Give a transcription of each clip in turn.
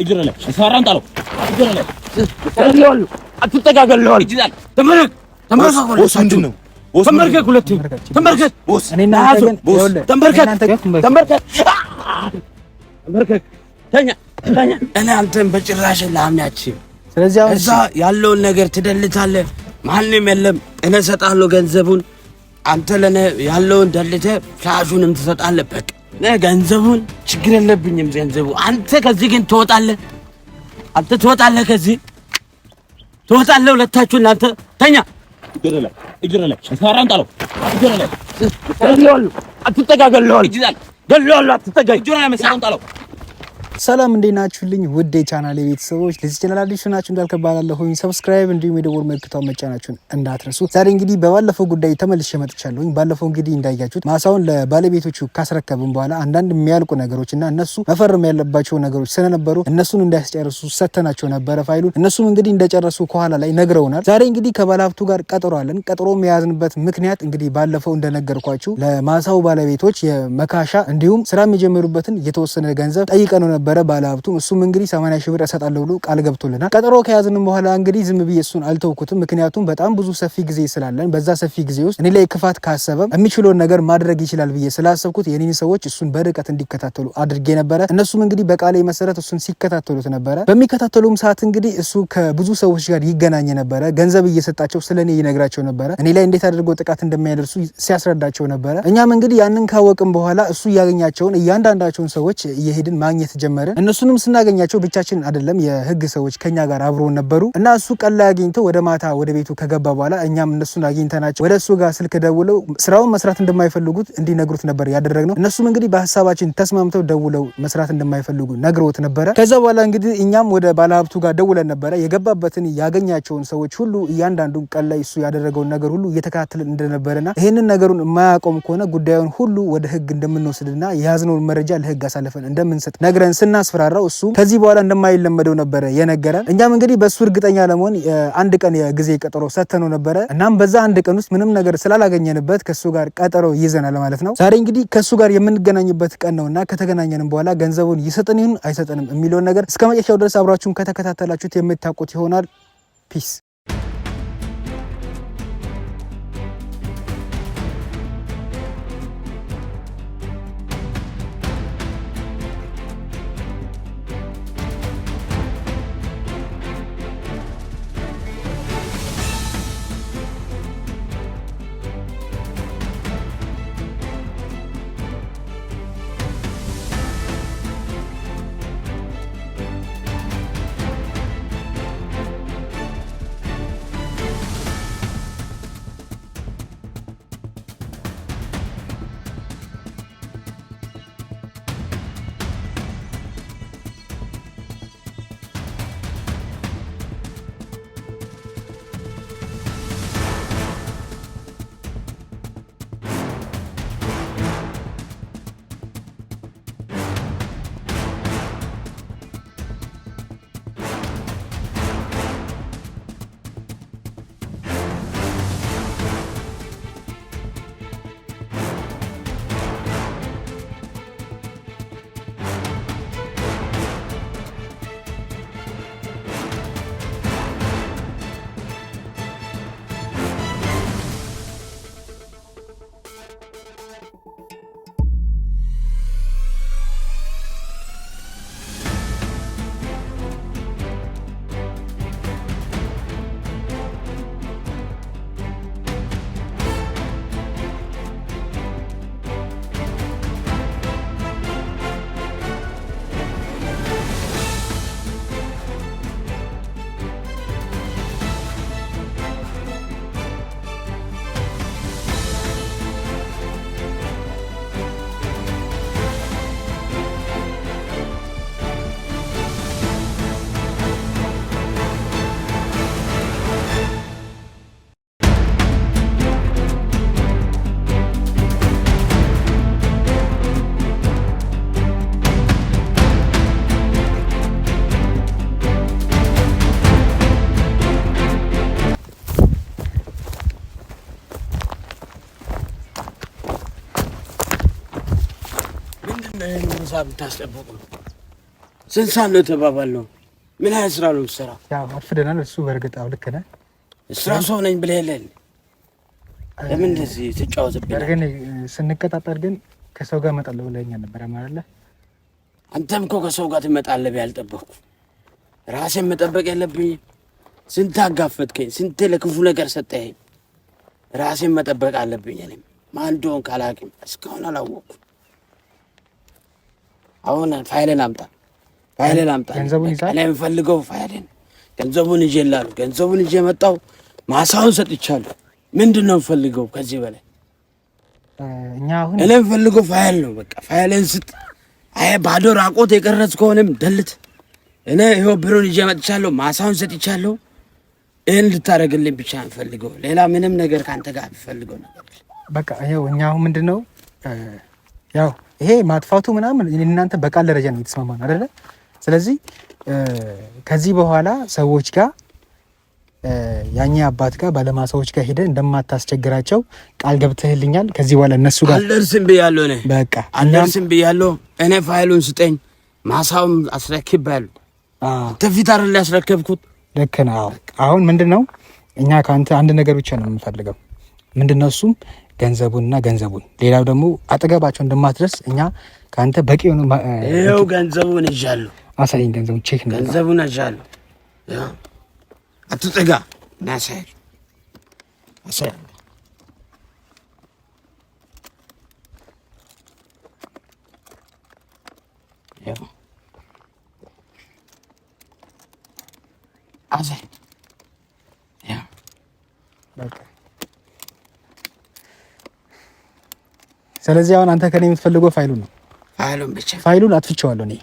እኔ አንተን በጭራሽ ላምናችሁ። እዛ ያለውን ነገር ትደልታለህ። ማንም የለም። እኔ እሰጣለሁ ገንዘቡን። አንተ ለእኔ ያለውን ደልተህ ሻሹንም ትሰጣለህ። በቃ ገንዘቡን ችግር የለብኝም ገንዘቡ። አንተ ከዚህ ግን ትወጣለህ፣ አንተ ትወጣለህ፣ ከዚህ ትወጣለህ። ሁለታችሁ እናንተ ተኛ። ሰራን ጣለው። አትጠጋ፣ ገለዋለሁ፣ አትጠጋ፣ ጣለው ሰላም እንዴት ናችሁልኝ? ውድ የቻናል ቤተሰቦች፣ ለዚህ ቻናል አዲስ ሆናችሁ እንዳልከባላለሁ ሆኝ ሰብስክራይብ እንዲሁም የደወል ምልክቷን መጫናችሁን እንዳትረሱ። ዛሬ እንግዲህ በባለፈው ጉዳይ ተመልሼ መጥቻለሁኝ። ባለፈው እንግዲህ እንዳያችሁት ማሳውን ለባለቤቶቹ ካስረከብን በኋላ አንዳንድ የሚያልቁ ነገሮች እና እነሱ መፈረም ያለባቸው ነገሮች ስለነበሩ እነሱን እንዳያስጨርሱ ሰተናቸው ነበረ ፋይሉን። እነሱም እንግዲህ እንደጨረሱ ከኋላ ላይ ነግረውናል። ዛሬ እንግዲህ ከባለሀብቱ ጋር ቀጠሮ አለን። ቀጠሮ የያዝንበት ምክንያት እንግዲህ ባለፈው እንደነገርኳችሁ ለማሳው ባለቤቶች የመካሻ እንዲሁም ስራ የሚጀምሩበትን የተወሰነ ገንዘብ ጠይቀነው ነበር ነበረ ባለሀብቱም። እሱም እንግዲህ ሰማንያ ሺህ ብር እሰጣለሁ ብሎ ቃል ገብቶልናል። ቀጠሮ ከያዝንም በኋላ እንግዲህ ዝም ብዬ እሱን አልተውኩትም። ምክንያቱም በጣም ብዙ ሰፊ ጊዜ ስላለን በዛ ሰፊ ጊዜ ውስጥ እኔ ላይ ክፋት ካሰበም የሚችለውን ነገር ማድረግ ይችላል ብዬ ስላሰብኩት የኔን ሰዎች እሱን በርቀት እንዲከታተሉ አድርጌ ነበረ። እነሱም እንግዲህ በቃሌ መሰረት እሱን ሲከታተሉት ነበረ። በሚከታተሉም ሰዓት እንግዲህ እሱ ከብዙ ሰዎች ጋር ይገናኝ ነበረ። ገንዘብ እየሰጣቸው ስለ እኔ ይነግራቸው ነበረ። እኔ ላይ እንዴት አድርገው ጥቃት እንደሚያደርሱ ሲያስረዳቸው ነበረ። እኛም እንግዲህ ያንን ካወቅም በኋላ እሱ እያገኛቸውን እያንዳንዳቸውን ሰዎች እየሄድን ማግኘት ጀመረ ጀመርን። እነሱንም ስናገኛቸው ብቻችን አይደለም የህግ ሰዎች ከኛ ጋር አብረውን ነበሩ እና እሱ ቀን ላይ አግኝተው ወደ ማታ ወደ ቤቱ ከገባ በኋላ እኛም እነሱን አግኝተናቸው ወደ እሱ ጋር ስልክ ደውለው ስራውን መስራት እንደማይፈልጉት እንዲነግሩት ነበር ያደረግነው። እነሱም እንግዲህ በሀሳባችን ተስማምተው ደውለው መስራት እንደማይፈልጉ ነግረውት ነበረ። ከዛ በኋላ እንግዲህ እኛም ወደ ባለሀብቱ ጋር ደውለን ነበረ። የገባበትን ያገኛቸውን ሰዎች ሁሉ እያንዳንዱን ቀን ላይ እሱ ያደረገውን ነገር ሁሉ እየተከታተልን እንደነበረና ይህንን ነገሩን የማያቆም ከሆነ ጉዳዩን ሁሉ ወደ ህግ እንደምንወስድና የያዝነውን መረጃ ለህግ አሳልፈን እንደምንሰጥ ነግረን እንድናስፈራራው እሱ ከዚህ በኋላ እንደማይለመደው ነበረ የነገረን። እኛም እንግዲህ በእሱ እርግጠኛ ለመሆን አንድ ቀን የጊዜ ቀጠሮ ሰተነው ነበረ። እናም በዛ አንድ ቀን ውስጥ ምንም ነገር ስላላገኘንበት ከእሱ ጋር ቀጠሮ ይዘናል ማለት ነው። ዛሬ እንግዲህ ከእሱ ጋር የምንገናኝበት ቀን ነው እና ከተገናኘንም በኋላ ገንዘቡን ይሰጠን ይሁን አይሰጠንም የሚለውን ነገር እስከ መጨረሻው ድረስ አብራችሁን ከተከታተላችሁት የምታውቁት ይሆናል። ፒስ ምሳ ብታስጠብቁ ስንት ሰዓት ነው የተባባልነው? ምን ያህል ስራ ነው የምትሰራ? አርፍደናል። እሱ በእርግጥ አዎ ልክ ነህ። ስራ ሰው ነኝ ብለህ የለን ለምን እንደዚህ ትጫወትብናለህ? ግን ስንቀጣጠር ግን ከሰው ጋር እመጣለሁ ብለኸኝ አልነበረም አይደለ? አንተም እኮ ከሰው ጋር ትመጣለህ ብዬ አልጠበኩም። ራሴን መጠበቅ የለብኝም? ስንት አጋፈጥከኝ፣ ስንት ለክፉ ነገር ሰጠኸኝ። ራሴን መጠበቅ አለብኝ። እኔም ማን እንደሆንክ አላውቅም፣ እስካሁን አላወቅኩም። አሁን ፋይልን አምጣ፣ ፋይልን አምጣ፣ ገንዘቡን የምፈልገው ፋይልን ገንዘቡን ይዤ ላሉ ገንዘቡን ይዤ መጣሁ። ማሳውን ሰጥቻለሁ። ምንድን ነው የምፈልገው ከዚህ በላይ? እኛ አሁን እኔ የምፈልገው ፋይል ነው። በቃ ፋይልን ስጥ። አይ ባዶ ራቆት የቀረጽ ከሆነም ደልት። እኔ ይኸው ብሩን ይዤ መጥቻለሁ። ማሳውን ሰጥቻለሁ። ይህን ልታደርግልኝ ብቻ እንፈልገው። ሌላ ምንም ነገር ከአንተ ጋር ፈልገው ነገር በቃ ይኸው እኛ አሁን ምንድን ነው ያው ይሄ ማጥፋቱ ምናምን እናንተ በቃል ደረጃ ነው የተስማማን አደለ? ስለዚህ ከዚህ በኋላ ሰዎች ጋር ያኛ አባት ጋር ባለማሳዎች ጋር ሄደን እንደማታስቸግራቸው ቃል ገብተህልኛል። ከዚህ በኋላ እነሱ ጋር አልደርስም ብያለሁ። እኔ በቃ አልደርስም ብያለሁ። እኔ ፋይሉን ስጠኝ፣ ማሳውም አስረክብ ያሉ ተፊት አይደል ያስረከብኩት። ልክ ነው። አሁን ምንድን ነው እኛ ከአንተ አንድ ነገር ብቻ ነው የምንፈልገው። ምንድን ነው እሱም ገንዘቡንና ገንዘቡን ሌላው ደግሞ አጠገባቸው እንደማትደርስ እኛ ከአንተ በቂ ሆኑ። ይኸው ገንዘቡን እዣለሁ። አሳይኝ፣ ገንዘቡን ቼክ ነው። ገንዘቡን እዣለሁ። አትጥጋ ናሳይ አሳይ አሳይ ስለዚህ አሁን አንተ ከኔ የምትፈልገው ፋይሉን ነው። ፋይሉን ብቻ ፋይሉን አጥፍቼዋለሁ እኔ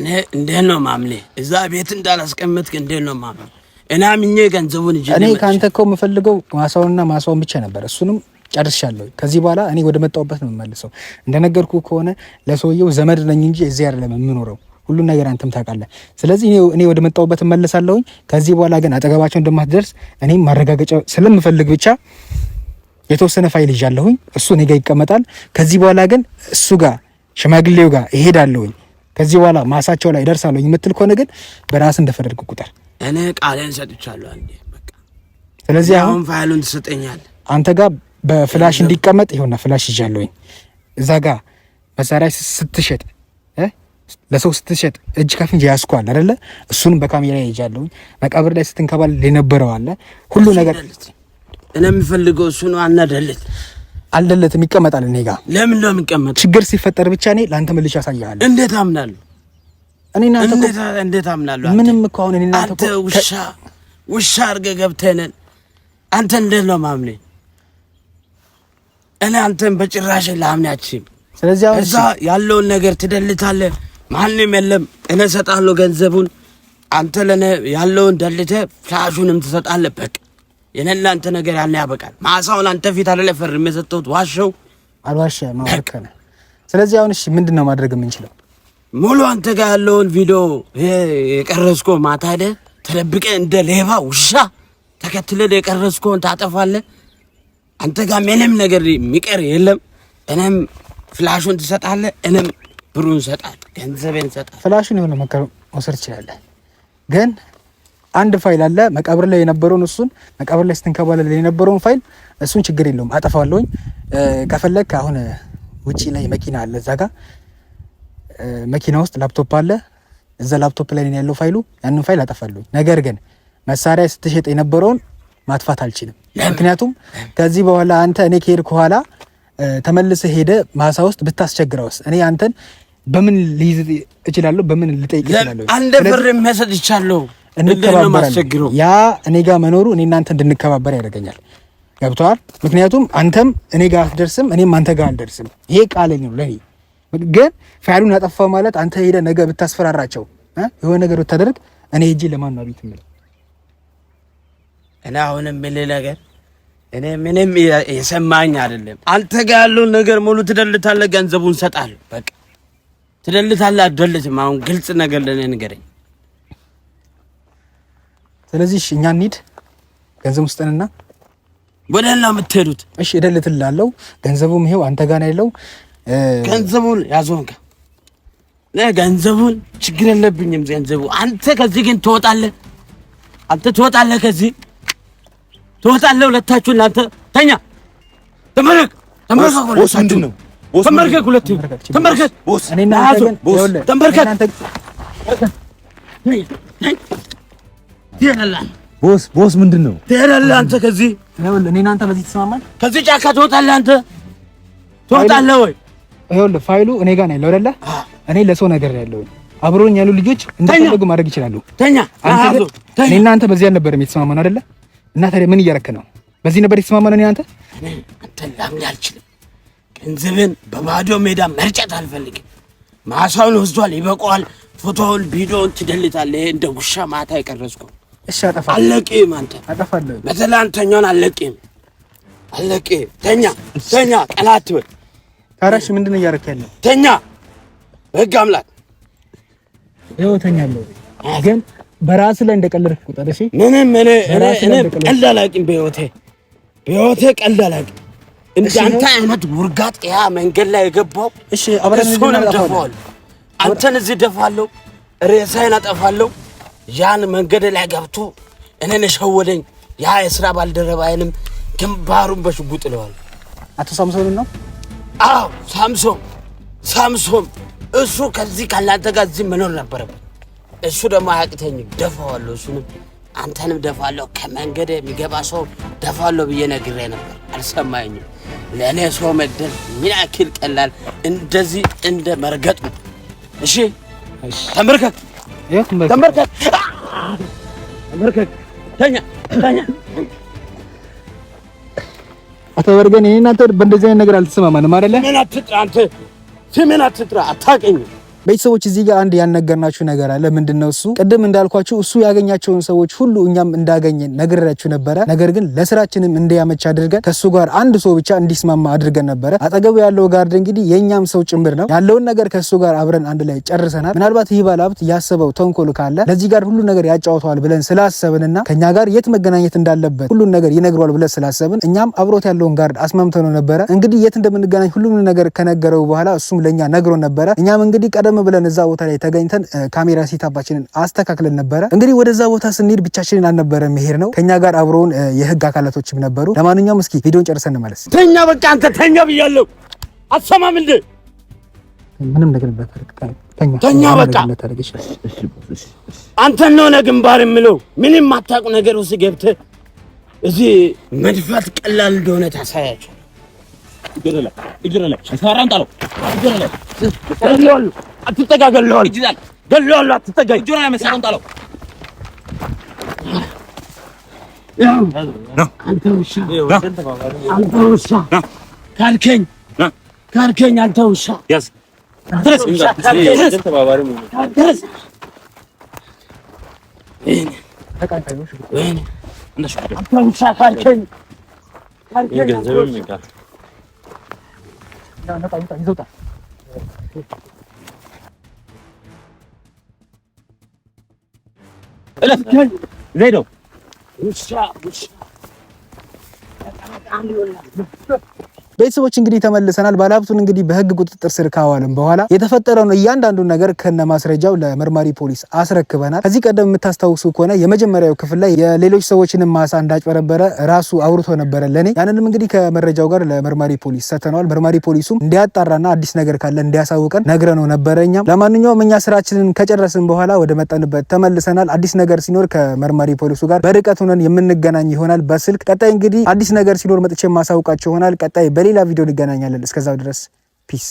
እኔ እንዴት ነው ማምሌ እዛ ቤት እንዳላስቀመጥክ እንዴት ነው ማምሌ? እና ምኜ ገንዘቡን እጅ እኔ ከአንተ እኮ የምፈልገው ማሳውንና ማሳውን ብቻ ነበር። እሱንም ጨርሻለሁ። ከዚህ በኋላ እኔ ወደ መጣሁበት ነው የምመልሰው። እንደነገርኩ ከሆነ ለሰውየው ዘመድ ነኝ እንጂ እዚህ አይደለም የምኖረው። ሁሉን ነገር አንተም ታውቃለህ። ስለዚህ እኔ ወደ መጣሁበት እመልሳለሁኝ። ከዚህ በኋላ ግን አጠገባቸው እንደማትደርስ እኔም ማረጋገጫ ስለምፈልግ ብቻ የተወሰነ ፋይል ይዣለሁኝ። እሱ እኔ ጋር ይቀመጣል። ከዚህ በኋላ ግን እሱ ጋር ሽማግሌው ጋር እሄዳለሁኝ። ከዚህ በኋላ ማሳቸው ላይ ደርሳለሁኝ የምትል ከሆነ ግን በራስ እንደፈረድክ ቁጠር። እኔ ቃልን ሰጥቻለሁ። ስለዚህ አሁን ፋይሉን ትሰጠኛል። አንተ ጋር በፍላሽ እንዲቀመጥ ይሆና ፍላሽ ይዣለሁኝ። እዛ ጋ መሳሪያ ስትሸጥ ለሰው ስትሸጥ እጅ ከፍንጅ ያስኳል አደለ? እሱንም በካሜራ ይዣለሁኝ። መቃብር ላይ ስትንከባል የነበረው አለ ሁሉ ነገር እኔ የምፈልገው እሱ ነው። አናደለት አልደለትም፣ ይቀመጣል እኔ ጋር። ለምን ነው የሚቀመጥ? ችግር ሲፈጠር ብቻ እኔ ለአንተ መልሼ አሳያለሁ። እንዴት አምናለሁ? እኔ እኔና እንዴት አምናለሁ? ምንም እኮ አሁን እኔ እኔና አንተ ውሻ ውሻ አድርገህ ገብተህ አንተ እንዴት ነው ማምኔ? እኔ አንተን በጭራሽ ላምንህ አልችልም። ስለዚህ አሁን እዛ ያለውን ነገር ትደልታለህ። ማንም የለም። እኔ እሰጣለሁ ገንዘቡን አንተ ለእኔ ያለውን ደልተህ ፍላሹንም ትሰጣለህ። በቃ የኔን ነገር ያለ ያበቃል። ማሳውን አንተ ፊት አለ ፈርሜ የሰጠሁት ዋሸው አልዋሸህም። ስለዚህ አሁን እሺ፣ ምንድን ነው ማድረግ የምንችለው? ሙሉ አንተ ጋር ያለውን ቪዲዮ የቀረስኮ ማታ ሄደህ ተደብቀህ እንደ ሌባ ውሻ ተከትለ የቀረስኮን ታጠፋለ። አንተ ጋር ምንም ነገር የሚቀር የለም። እኔም ፍላሹን ትሰጣለ፣ እኔም ብሩን ሰጣል፣ ገንዘቤን ሰጣል። ፍላሹን የሆነ መከረ መውሰድ ትችላለህ ግን አንድ ፋይል አለ መቃብር ላይ የነበረውን እሱን መቃብር ላይ ስትንከባለል የነበረውን ፋይል እሱን ችግር የለውም አጠፋለሁኝ። ከፈለግ አሁን ውጪ ላይ መኪና አለ እዛ ጋ መኪና ውስጥ ላፕቶፕ አለ እዛ ላፕቶፕ ላይ ያለው ፋይሉ ያንን ፋይል አጠፋለሁኝ። ነገር ግን መሳሪያ ስትሸጥ የነበረውን ማጥፋት አልችልም። ምክንያቱም ከዚህ በኋላ አንተ እኔ ከሄድኩ ኋላ ተመልሰ ሄደ ማሳ ውስጥ ብታስቸግረውስ እኔ አንተን በምን ልይዝ እችላለሁ? በምን ልጠይቅ እችላለሁ? አንድ ብር የሚያሰጥ ይቻለሁ እንከባበራለን። ያ እኔ ጋር መኖሩ እኔ እናንተ እንድንከባበር ያደርገኛል። ገብተዋል። ምክንያቱም አንተም እኔ ጋር አትደርስም፣ እኔም አንተ ጋር አልደርስም። ይሄ ቃል ነው ለእኔ። ግን ፋይሉን አጠፋ ማለት አንተ ሄደ ነገ ብታስፈራራቸው የሆነ ነገር ብታደርግ እኔ ሄጄ ለማን ነው ቤት የምለው? እኔ አሁንም የምልህ ነገር እኔ ምንም የሰማኝ አይደለም። አንተ ጋር ያለውን ነገር ሙሉ ትደልታለህ፣ ገንዘቡን ሰጣል። በቃ ትደልታለህ፣ አትደልትም። አሁን ግልጽ ነገር ለእኔ ንገረኝ። ስለዚህ እኛ እንሂድ፣ ገንዘብ ውስጥንና ወደ ላ የምትሄዱት እሺ፣ እደልትላለሁ። ገንዘቡም ይሄው አንተ ጋር ነው ያለው። ገንዘቡን ያዞንከ ገንዘቡን ችግር የለብኝም። ገንዘቡ አንተ ከዚህ ግን ትወጣለህ፣ አንተ ትወጣለህ፣ ከዚህ ትወጣለህ። ሁለታችሁ እናንተ ተኛ፣ ተመረቅ፣ ተመረቅ። ምንድን ነው ተመርከክ፣ ሁለት ተመርከክ፣ ተመርከክ ትሄዳለህ። ቦስ ቦስ፣ ምንድን ነው ትሄዳለህ አንተ? ከዚህ እኔና አንተ በዚህ ተስማማን። ከዚህ ጫካ ትወጣለህ አንተ ትወጣለህ ወይ? ይኸውልህ ፋይሉ እኔ ጋር ነው ያለው አይደለ? እኔ ለሰው ነገር ያለው አብሮኝ ያሉ ልጆች እንደፈለጉ ማድረግ ይችላሉ። ተኛ። እኔና አንተ በዚህ አልነበረም የተስማማን አይደለ? እና ታዲያ ምን እያረክ ነው? በዚህ ነበር የተስማማን። እኔ አንተ አንተን ላምን አልችልም። ገንዘብን በባዶ ሜዳ መርጨት አልፈልግም። ማሳውን ወስዷል፣ ይበቃዋል። ፎቶውን ቪዲዮውን ትደልታለህ። ይሄ እንደ ውሻ ማታ የቀረጽኩ እሺ አጠፋለሁ። አለቅም አንተ አጠፋለሁ። በተለይ አንተኛውን አለቅም። አለቅም። ተኛ ተኛ። ቀና አትበል። ታራሽ ምንድን ነው እያደረክ ያለው? ተኛ። በህግ አምላክ ይኸው ተኛለሁ። ግን በራስህ ላይ እንደቀለድክ ቁጠር። እሺ ምንም እኔ እኔ ቀልድ አላውቅም። በህይወቴ በህይወቴ ቀልድ አላውቅም። እንዳንተ አይነት ውርጋጥ ያ መንገድ ላይ የገባው እሺ፣ አብረን አንተን እዚህ ደፋለሁ፣ ሬሳዬን አጠፋለሁ ያን መንገድ ላይ ገብቶ እኔን የሸወደኝ ያ የስራ ባልደረባዬንም ግንባሩን በሽጉጥ ለዋል። አቶ ሳምሶን ነው? አዎ ሳምሶን፣ ሳምሶን እሱ ከዚህ ካላንተ ጋር እዚህ መኖር ነበረበት። እሱ ደግሞ አያቅተኝም፣ ደፋዋለሁ። እሱንም አንተንም ደፋለሁ፣ ከመንገድ የሚገባ ሰው ደፋለሁ ብዬ ነግሬ ነበር፣ አልሰማኝም። ለእኔ ሰው መግደል ምን ያክል ቀላል እንደዚህ እንደ መርገጥ። እሺ ተመልከት። ተንበርከክ ተንበርከክ፣ ተኛ ተኛ። አቶ በርገን፣ ይሄን አንተ በእንደዚህ አይነት ነገር አልተሰማማንም አይደለ? ምን አትጥራ አንተ፣ ስሜን አትጥራ፣ አታውቀኝም ቤተሰቦች እዚህ ጋር አንድ ያነገርናችሁ ነገር አለ። ምንድን ነው እሱ? ቅድም እንዳልኳችሁ እሱ ያገኛቸውን ሰዎች ሁሉ እኛም እንዳገኘን ነግሬያችሁ ነበረ። ነገር ግን ለስራችንም እንዲያመች አድርገን ከእሱ ጋር አንድ ሰው ብቻ እንዲስማማ አድርገን ነበረ። አጠገቡ ያለው ጋርድ እንግዲህ የእኛም ሰው ጭምር ነው። ያለውን ነገር ከእሱ ጋር አብረን አንድ ላይ ጨርሰናል። ምናልባት ይህ ባለሀብት ያሰበው ተንኮል ካለ ለዚህ ጋር ሁሉ ነገር ያጫወተዋል ብለን ስላሰብንና ከእኛ ጋር የት መገናኘት እንዳለበት ሁሉን ነገር ይነግሯል ብለን ስላሰብን እኛም አብሮት ያለውን ጋርድ አስማምተነው ነበረ። እንግዲህ የት እንደምንገናኝ ሁሉም ነገር ከነገረው በኋላ እሱም ለእኛ ነግሮ ነበረ። እኛም እንግዲህ ቀደም ቀደም ብለን እዛ ቦታ ላይ ተገኝተን ካሜራ ሴታባችንን አስተካክለን ነበረ። እንግዲህ ወደዛ ቦታ ስንሄድ ብቻችንን አልነበረ መሄድ ነው፣ ከኛ ጋር አብረውን የህግ አካላቶችም ነበሩ። ለማንኛውም እስኪ ቪዲዮን ጨርሰን እንመለስ። ተኛ በቃ አንተ ተኛ ብያለሁ። አሰማም እንዴ? ምንም ነገር ተኛ በቃ አንተ እንደሆነ ግንባር የምለው። ምንም አታውቁ ነገር ውስጥ ገብተህ እዚህ መድፋት ቀላል እንደሆነ ታሳያቸው። አትጠጋ፣ ገለዋል፣ ገለዋል። አትጠጋ፣ አንተ ውሻ ካልከኝ ካልከኝ አንተ ውሻ ካልከኝ ዘይዶ ውሻ ውሻ ቤተሰቦች እንግዲህ ተመልሰናል። ባለሀብቱን እንግዲህ በህግ ቁጥጥር ስር ካዋልን በኋላ የተፈጠረውን እያንዳንዱን ነገር ከነ ማስረጃው ለመርማሪ ፖሊስ አስረክበናል። ከዚህ ቀደም የምታስታውሱ ከሆነ የመጀመሪያው ክፍል ላይ የሌሎች ሰዎችንም ማሳ እንዳጭበረበረ ራሱ አውርቶ ነበረ ለኔ። ያንንም እንግዲህ ከመረጃው ጋር ለመርማሪ ፖሊስ ሰተነዋል። መርማሪ ፖሊሱም እንዲያጣራና አዲስ ነገር ካለ እንዲያሳውቀን ነግረነው ነበረ። እኛም ለማንኛውም እኛ ስራችንን ከጨረስን በኋላ ወደ መጠንበት ተመልሰናል። አዲስ ነገር ሲኖር ከመርማሪ ፖሊሱ ጋር በርቀት ሆነን የምንገናኝ ይሆናል በስልክ። ቀጣይ እንግዲህ አዲስ ነገር ሲኖር መጥቼ ማሳውቃቸው ይሆናል። ቀጣይ በሌላ ቪዲዮ እንገናኛለን። እስከዛው ድረስ ፒስ